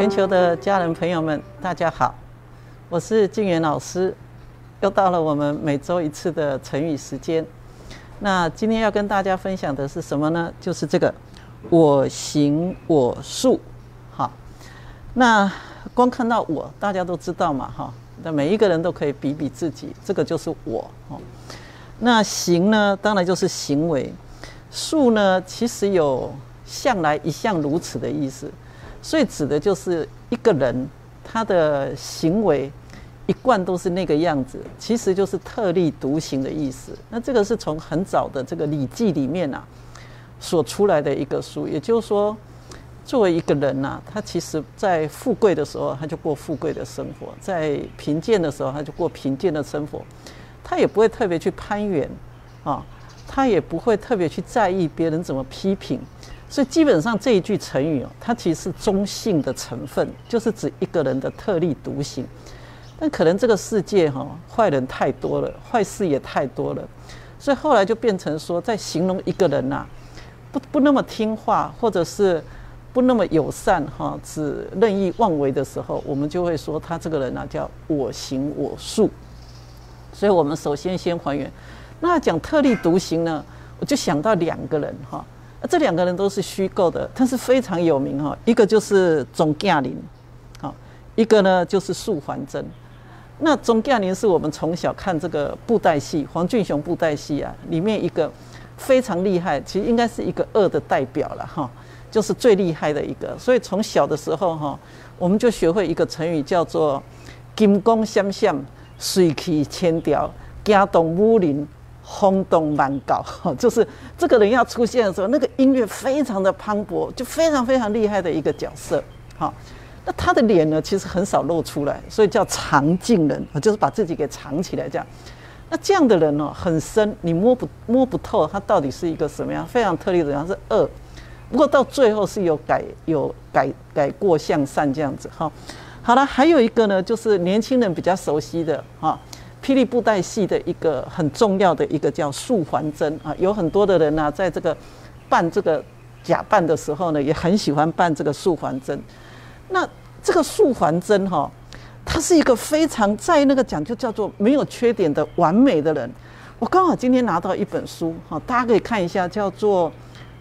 全球的家人朋友們，大家好，我是靜原老師，又到了我們每周一次的成語時間。那今天要跟大家分享的是什麼呢？就是這個“我行我素”。好，那光看到“我”，大家都知道嘛，哈。那每一個人都可以比比自己，這個就是我哦。那“行”呢，當然就是行為；“素”呢，其實有向來、一向如此的意思。所以指的就是一個人，他的行為一貫都是那個樣子，其實就是特立獨行的意思。那這個是從很早的這個《禮記》裡面啊，所出來的一個書。也就是說，作為一個人吶、啊，他其實在富貴的時候，他就過富貴的生活；在貧賤的時候，他就過貧賤的生活。他也不會特別去攀緣啊，他也不會特別去在意別人怎麼批評。所以基本上這一句成語哦、啊，它其實是中性的成分，就是指一個人的特立獨行。但可能這個世界哈、啊，壞人太多了，壞事也太多了，所以後來就變成說，在形容一個人吶、啊，不不那麼聽話，或者是不那麼友善哈、啊，只任意妄為的時候，我們就會說他這個人啊，叫我行我素。所以我們首先先還原，那講特立獨行呢，我就想到兩個人哈、啊。啊、這兩個人都是虛構的，但是非常有名哈、哦。一個就是藏鏡人好，一個呢就是素還真。那藏鏡人是我們從小看這個布袋戲，黃俊雄布袋戲啊，裡面一個非常厲害，其實應該是一個惡的代表了哈、哦，就是最厲害的一個。所以從小的時候哈、哦，我們就學會一個成語叫做“金光閃閃，瑞氣千條，驚動武林”。轟動蠻搞，就是這個人要出現的時候，那個音樂非常的磅礴，就非常非常厲害的一個角色。哈，那他的臉呢，其實很少露出來，所以叫藏鏡人，就是把自己給藏起來這樣。那這樣的人呢，很深，你摸不摸不透他到底是一個什麼樣，非常特立獨行，是惡。不過到最後是有改有改改過向善這樣子哈。好了，還有一個呢，就是年輕人比較熟悉的哈。霹靂布袋戲的一個很重要的一個叫素還真啊，有很多的人呢、啊，在這個辦這個假扮的時候呢，也很喜歡辦這個素還真。那這個素還真哈、啊，他是一個非常在那個講究叫做沒有缺點的完美的人。我剛好今天拿到一本書哈、啊，大家可以看一下，叫做《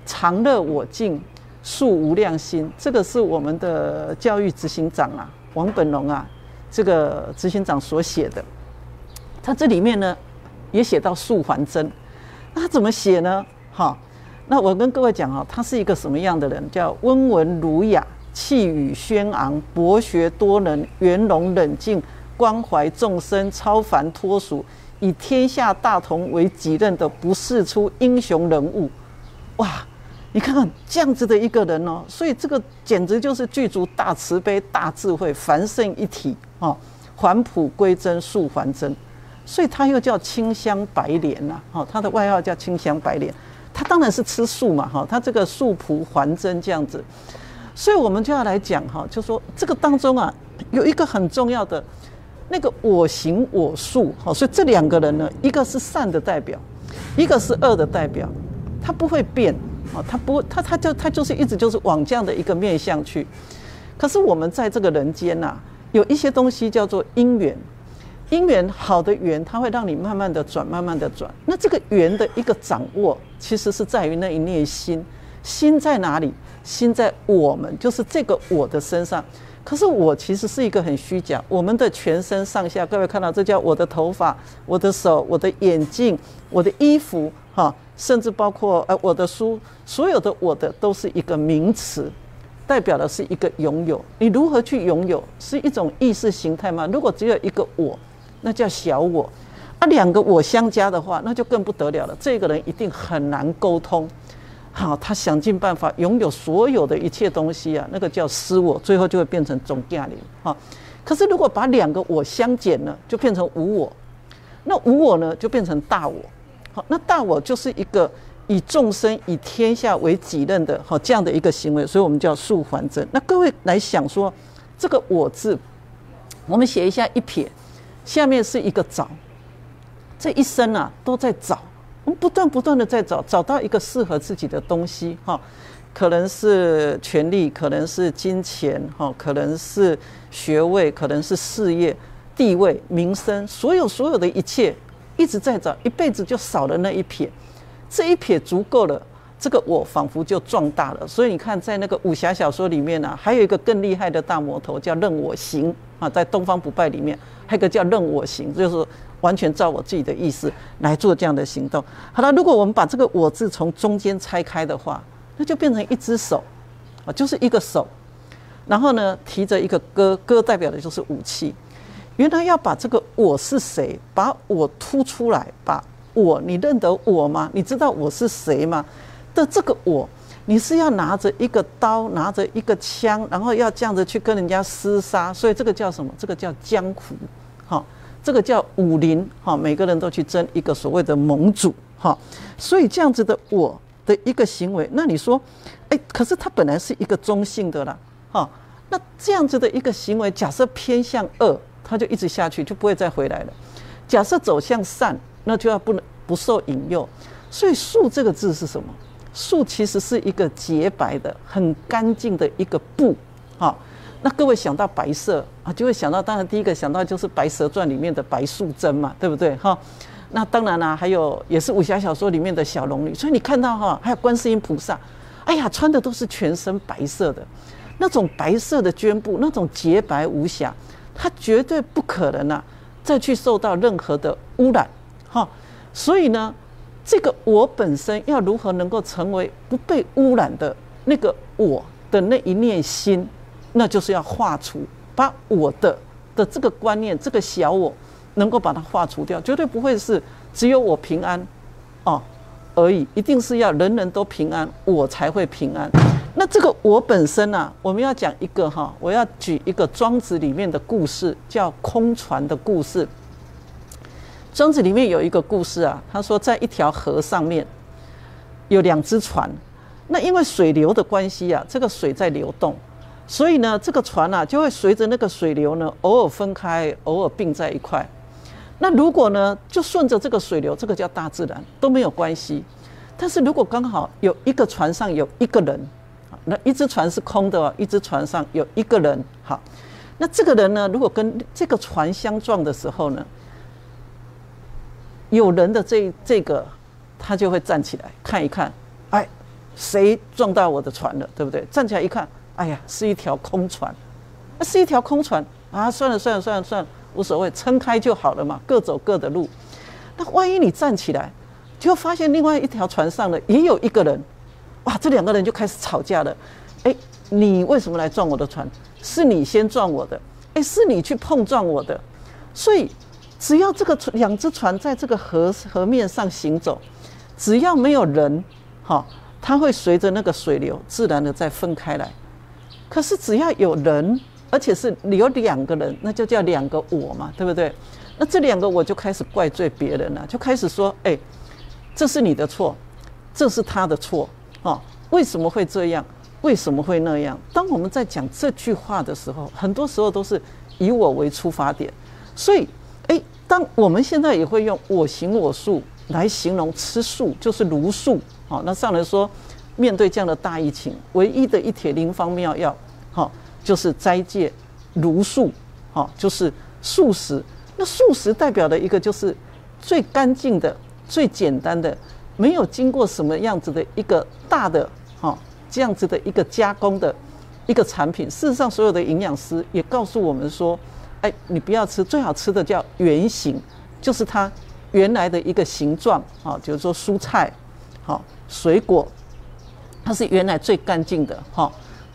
常樂我淨素無量心》，這個是我們的教育執行長啊，王本龍啊，這個執行長所寫的。他這裡面呢，也寫到素還真，那他怎麼寫呢？哈、哦，那我跟各位講啊、哦，他是一個什麼樣的人？叫溫文儒雅、氣宇軒昂、博學多能、圓融冷靜、關懷眾生、超凡脫俗、以天下大同為己任的不世出英雄人物。哇，你看看這樣子的一個人哦，所以這個簡直就是具足大慈悲、大智慧、凡聖一體啊、哦，還璞歸真，素還真。所以他又叫清香白蓮吶、啊，他的外號叫清香白蓮，他當然是吃素嘛，哈，他這個素樸還真這樣子，所以我們就要來講哈，就是說這個當中啊，有一個很重要的那個我行我素，所以這兩個人呢，一個是善的代表，一個是惡的代表，他不會變，啊，他不，他他就他就是一直就是往這樣的一個面向去，可是我們在這個人間吶、啊，有一些東西叫做因緣。因緣好的緣，它會讓你慢慢的轉，慢慢的轉。那這個緣的一個掌握，其實是在於那一念心。心在哪裡？心在我們，就是這個我的身上。可是我其實是一個很虛假。我們的全身上下，各位看到這叫我的頭髮、我的手、我的眼鏡、我的衣服，哈，甚至包括呃我的書，所有的我的都是一個名詞，代表的是一個擁有。你如何去擁有？是一種意識形態嗎？如果只有一個我。那叫小我，啊，兩個我相加的話，那就更不得了了。這個人一定很難溝通，好，他想盡辦法擁有所有的一切東西啊，那個叫私我，最後就會變成總家裡哈，可是如果把兩個我相減呢，就變成無我，那無我呢，就變成大我。好、哦，那大我就是一個以眾生以天下為己任的，好、哦、這樣的一個行為，所以我們叫素還真。那各位來想說，這個“我”字，我們寫一下一撇。下面是一個找，這一生啊都在找，我們不斷不斷的在找，找到一個適合自己的東西哈、哦，可能是權力，可能是金錢哈、哦，可能是學位，可能是事業、地位、名聲，所有所有的一切一直在找，一輩子就少了那一撇，這一撇足夠了，這個我仿佛就壯大了。所以你看，在那個武俠小說裡面啊，還有一個更厲害的大魔頭叫任我行。啊，在《東方不敗》裡面，還有一個叫“任我行”，就是完全照我自己的意思來做這樣的行動。好了，如果我們把這個“我”字從中間拆開的話，那就變成一隻手，啊，就是一個手，然後呢提着一個戈，戈代表的就是武器。原來要把這個“我是誰”，把我突出來，把“我”，你認得我嗎？你知道我是誰嗎？的這個我。你是要拿着一個刀，拿着一個槍，然後要這樣子去跟人家廝殺，所以這個叫什麼？這個叫江湖，好，這個叫武林，好，每個人都去爭一個所謂的盟主，好，所以這樣子的我的一個行為，那你說，哎，可是他本來是一個中性的啦，好，那這樣子的一個行為，假設偏向惡，他就一直下去就不會再回來了；假設走向善，那就要不能不受引誘。所以“術”這個字是什麼？素，其實是一個潔白的、很乾淨的一個布，哈、哦。那各位想到白色啊，就會想到，當然第一個想到就是《白蛇傳》裡面的白素貞嘛，對不對？哈、哦。那當然啦、啊，還有也是武俠小說裡面的小龍女。所以你看到哈、啊，還有觀世音菩薩，哎呀，穿的都是全身白色的，那種白色的絹布，那種潔白無瑕，它絕對不可能啊，再去受到任何的污染，哈、哦。所以呢。這個我本身要如何能夠成為不被污染的那個我的那一念心，那就是要化除，把我的的這個觀念、這個小我，能夠把它化除掉，絕對不會是只有我平安、啊，哦而已，一定是要人人都平安，我才會平安。那這個我本身呢、啊，我們要講一個哈、啊，我要舉一個莊子裡面的故事，叫空船的故事。莊子裡面有一個故事啊，他說在一條河上面有兩隻船，那因為水流的關係啊，這個水在流動，所以呢，這個船啊就會隨着那個水流呢，偶爾分開，偶爾並在一塊。那如果呢，就順着這個水流，這個叫大自然，都沒有關係。但是如果剛好有一個船上有一個人，那一隻船是空的，一隻船上有一個人，好，那這個人呢，如果跟這個船相撞的時候呢？有人的這這個，他就會站起來看一看，哎，誰撞到我的船了，對不對？站起來一看，哎呀，是一條空船，那是一條空船啊，算了算了算了算了，無所謂，撐開就好了嘛，各走各的路。那萬一你站起來，就發現另外一條船上的也有一個人，哇，這兩個人就開始吵架了。哎，你為什麼來撞我的船？是你先撞我的，哎，是你去碰撞我的，所以。只要這個船兩隻船在這個河河面上行走，只要沒有人，好、哦，它會隨着那個水流自然的再分開來。可是只要有人，而且是有兩個人，那就叫兩個我嘛，對不對？那這兩個我就開始怪罪別人了，就開始說：哎，這是你的錯，這是他的錯，哈、哦，為什麼會這樣？為什麼會那樣？當我們在講這句話的時候，很多時候都是以我為出發點，所以。但我們現在也會用“我行我素”來形容吃素，就是茹素。好，那上來說，面對這樣的大疫情，唯一的一帖靈方妙藥，好，就是齋戒、茹素，好，就是素食。那素食代表的一個就是最乾淨的、最簡單的，沒有經過什麼樣子的一個大的，哈，這樣子的一個加工的一個產品。事實上，所有的營養師也告訴我們說。哎，你不要吃，最好吃的叫原形，就是它原來的一個形狀啊、哦。比如說蔬菜，好、哦、水果，它是原來最乾淨的哈、哦。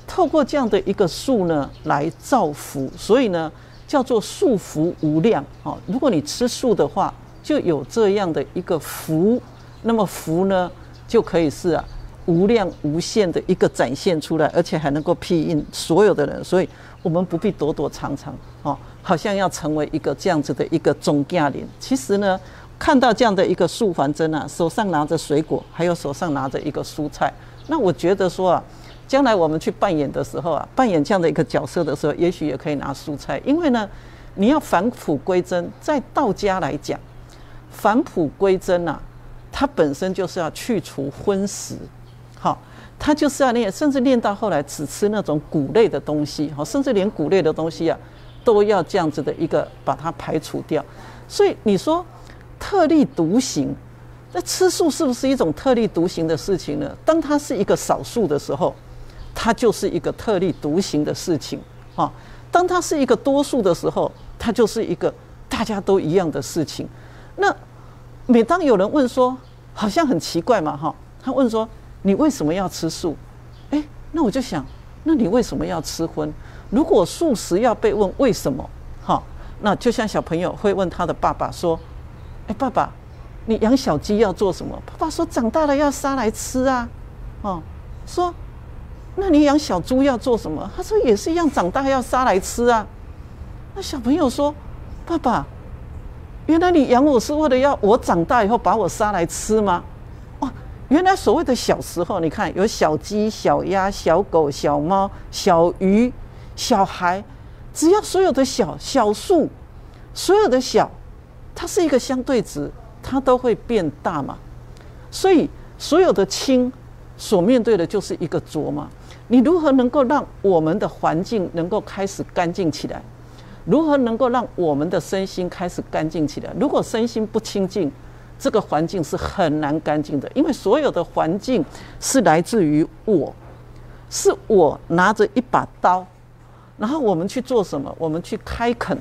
透過這樣的一個素呢，來造福，所以呢叫做素福無量啊、哦。如果你吃素的話，就有這樣的一個福，那麼福呢就可以是啊無量無限的一個展現出來，而且還能夠庇蔭所有的人，所以我們不必躲躲藏藏啊。哦好像要成為一個這樣子的一個中價人，其實呢，看到這樣的一個素還真啊，手上拿着水果，還有手上拿着一個蔬菜，那我覺得說啊，將來我們去扮演的時候啊，扮演這樣的一個角色的時候，也許也可以拿蔬菜，因為呢，你要返璞歸真，在道家來講，返璞歸真啊，它本身就是要去除葷食，好、哦，它就是要練，甚至練到後來只吃那種穀類的東西，好、哦，甚至連穀類的東西啊。都要這樣子的一個把它排除掉，所以你說特立獨行，那吃素是不是一種特立獨行的事情呢？當它是一個少數的時候，它就是一個特立獨行的事情，哈、哦。當它是一個多數的時候，它就是一個大家都一樣的事情。那每當有人問說，好像很奇怪嘛，哈、哦。他問說你為什麼要吃素？哎、欸，那我就想，那你為什麼要吃葷？如果素食要被問為什麼，好，那就像小朋友會問他的爸爸說：“哎、欸，爸爸，你養小雞要做什麼？”爸爸說：“長大了要殺來吃啊。”哦，說：“那你養小豬要做什麼？”他說：“也是一樣，長大要殺來吃啊。”那小朋友說：“爸爸，原來你養我是為了要我長大以後把我殺來吃嗎？”哦，原來所謂的小時候，你看有小雞、小鴨、小狗、小貓、小魚。小孩，只要所有的小小樹，所有的小，它是一個相對值，它都會變大嘛。所以所有的清所面對的就是一個濁嘛。你如何能夠讓我們的環境能夠開始乾淨起來？如何能夠讓我們的身心開始乾淨起來？如果身心不清淨，這個環境是很難乾淨的，因為所有的環境是來自於我，是我拿着一把刀。然後我們去做什麼？我們去開墾，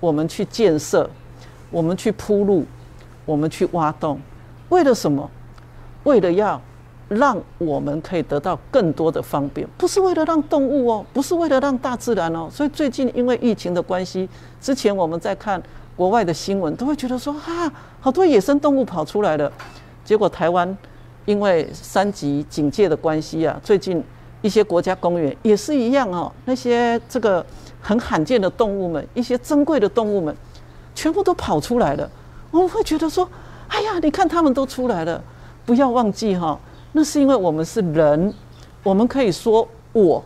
我們去建設，我們去鋪路，我們去挖洞，為了什麼？為了要讓我們可以得到更多的方便，不是為了讓動物哦，不是為了讓大自然哦。所以最近因為疫情的關係，之前我們在看國外的新聞，都會覺得說，哈、啊，好多野生動物跑出來了。結果台灣因為三級警戒的關係啊，最近。一些國家公園也是一樣啊，那些這個很罕見的動物們，一些珍貴的動物們，全部都跑出來了。我們會覺得說：“哎呀，你看他們都出來了。”不要忘記哈，那是因為我們是人，我們可以說“我”。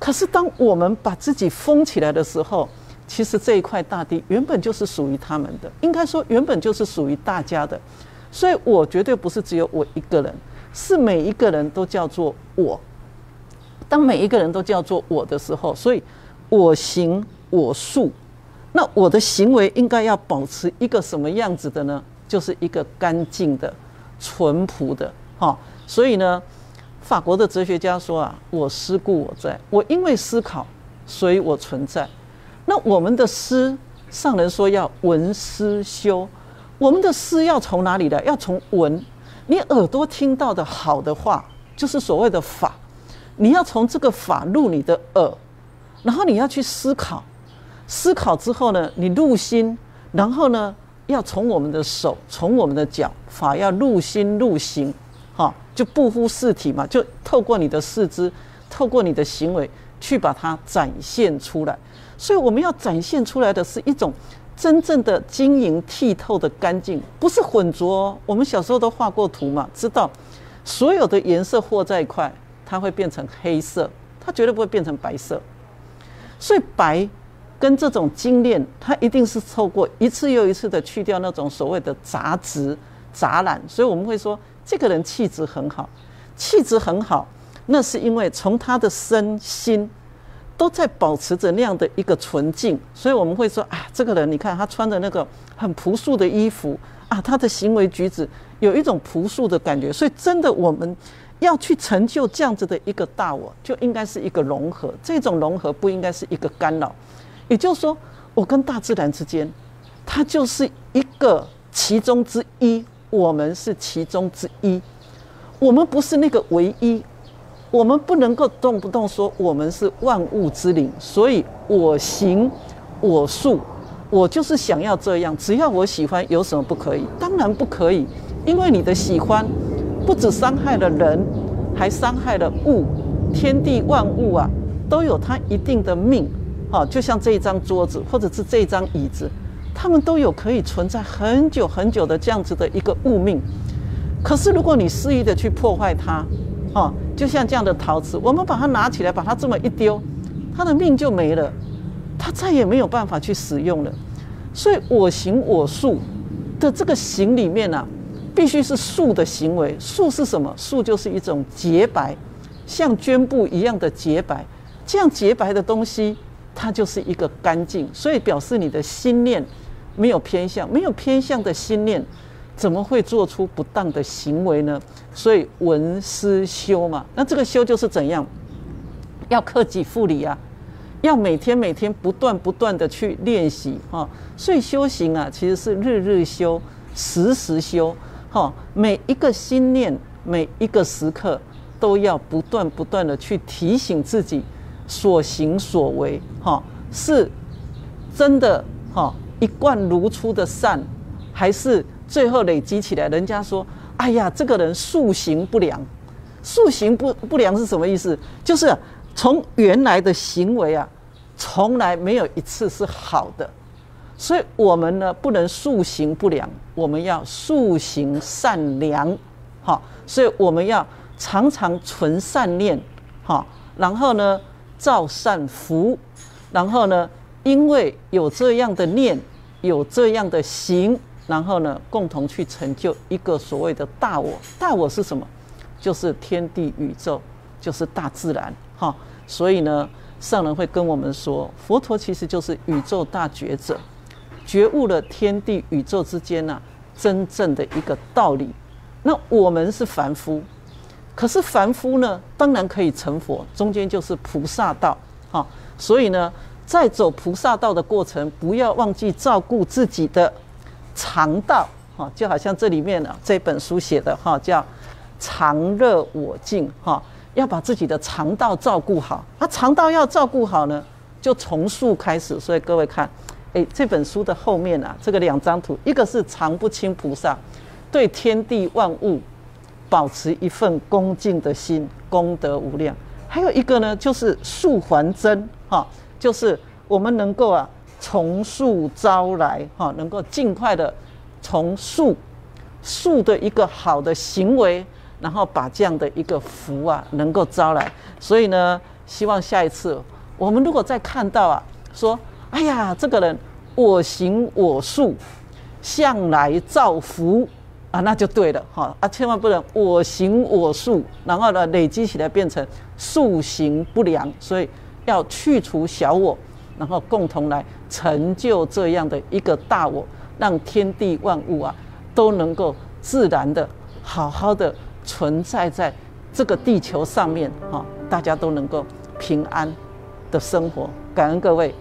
可是當我們把自己封起來的時候，其實這一塊大地原本就是屬於他們的，應該說原本就是屬於大家的。所以我絕對不是只有我一個人，是每一個人都叫做“我”。當每一個人都叫做我的時候，所以我行我素。那我的行為應該要保持一個什麼樣子的呢？就是一個乾淨的、淳樸的。哈、哦，所以呢，法國的哲學家說啊：“我思故我在。”我因為思考，所以我存在。那我們的思，上人說要聞思修，我們的思要從哪裡來？要從聞。你耳朵聽到的好的話，就是所謂的法。你要從這個法入你的耳，然後你要去思考，思考之後呢，你入心，然後呢，要從我們的手、從我們的腳，法要入心入行，哈，就布乎四體嘛，就透過你的四肢，透過你的行為去把它展現出來。所以我們要展現出來的是一種真正的晶瑩剔透的乾淨，不是混濁哦。我們小時候都畫過圖嘛，知道所有的顏色和在一塊。它會變成黑色，它絕對不會變成白色。所以白，跟這種精煉，它一定是透過一次又一次的去掉那種所謂的雜質、雜染。所以我們會說，這個人氣質很好，氣質很好，那是因為從他的身心都在保持着那樣的一個純淨。所以我們會說，啊，這個人你看他穿的那個很樸素的衣服啊，他的行為舉止有一種樸素的感覺。所以真的我們。要去成就這樣子的一個大我，就應該是一個融合。這種融合不應該是一個干擾，也就是說，我跟大自然之間，它就是一個其中之一。我們是其中之一，我們不是那個唯一。我們不能夠動不動說我們是萬物之靈，所以我行我素，我就是想要這樣，只要我喜歡，有什麼不可以？當然不可以，因為你的喜歡。不止傷害了人，還傷害了物。天地萬物啊，都有它一定的命。啊、哦、就像這張桌子，或者是這張椅子，它們都有可以存在很久很久的這樣子的一個物命。可是如果你肆意的去破壞它，啊、哦、就像這樣的陶瓷，我們把它拿起來，把它這麼一丟，它的命就沒了，它再也沒有辦法去使用了。所以我行我素的這個行裡面呢、啊。必須是素的行為，素是什麼？素就是一種潔白，像絹布一樣的潔白。這樣潔白的東西，它就是一個乾淨，所以表示你的心念沒有偏向，沒有偏向的心念，怎麼會做出不當的行為呢？所以聞思修嘛，那這個修就是怎樣，要克己復禮啊，要每天每天不斷不斷的去練習啊。所以修行啊，其實是日日修，時時修。好，每一個心念，每一個時刻，都要不斷不斷的去提醒自己所行所為，哈，是真的哈，一貫如初的善，還是最後累積起來？人家說，哎呀，這個人素行不良，素行不不良是什麼意思？就是從原來的行為啊，從來沒有一次是好的。所以，我們呢不能素行不良，我們要素行善良，哈。所以，我們要常常存善念，哈。然後呢，造善福，然後呢，因為有這樣的念，有這樣的行，然後呢，共同去成就一個所謂的大我。大我是什麼？就是天地宇宙，就是大自然，哈。所以呢，上人會跟我們說，佛陀其實就是宇宙大覺者。覺悟了天地宇宙之間吶、啊，真正的一個道理。那我們是凡夫，可是凡夫呢，當然可以成佛。中間就是菩薩道，哈、哦。所以呢，在走菩薩道的過程，不要忘記照顧自己的腸道，哈、哦。就好像這裡面呢、啊，這本書寫的哈、哦，叫“常樂我淨”，哈、哦，要把自己的腸道照顧好。那、啊、腸道要照顧好呢，就從素開始。所以各位看。哎，這本書的後面啊，這個兩張圖，一個是常不輕菩薩，對天地萬物保持一份恭敬的心，功德無量；還有一個呢，就是樹還真，哈、啊，就是我們能夠啊，從樹招來，哈、啊，能夠盡快的從樹樹的一個好的行為，然後把這樣的一個福啊，能夠招來。所以呢，希望下一次我們如果再看到啊，說。哎呀，這個人我行我素，向來造福啊，那就對了哈啊！千萬不能我行我素，然後呢累積起來變成素行不良，所以要去除小我，然後共同來成就這樣的一個大我，讓天地萬物啊都能夠自然的好好的存在在這個地球上面哈、啊，大家都能夠平安的生活，感恩各位。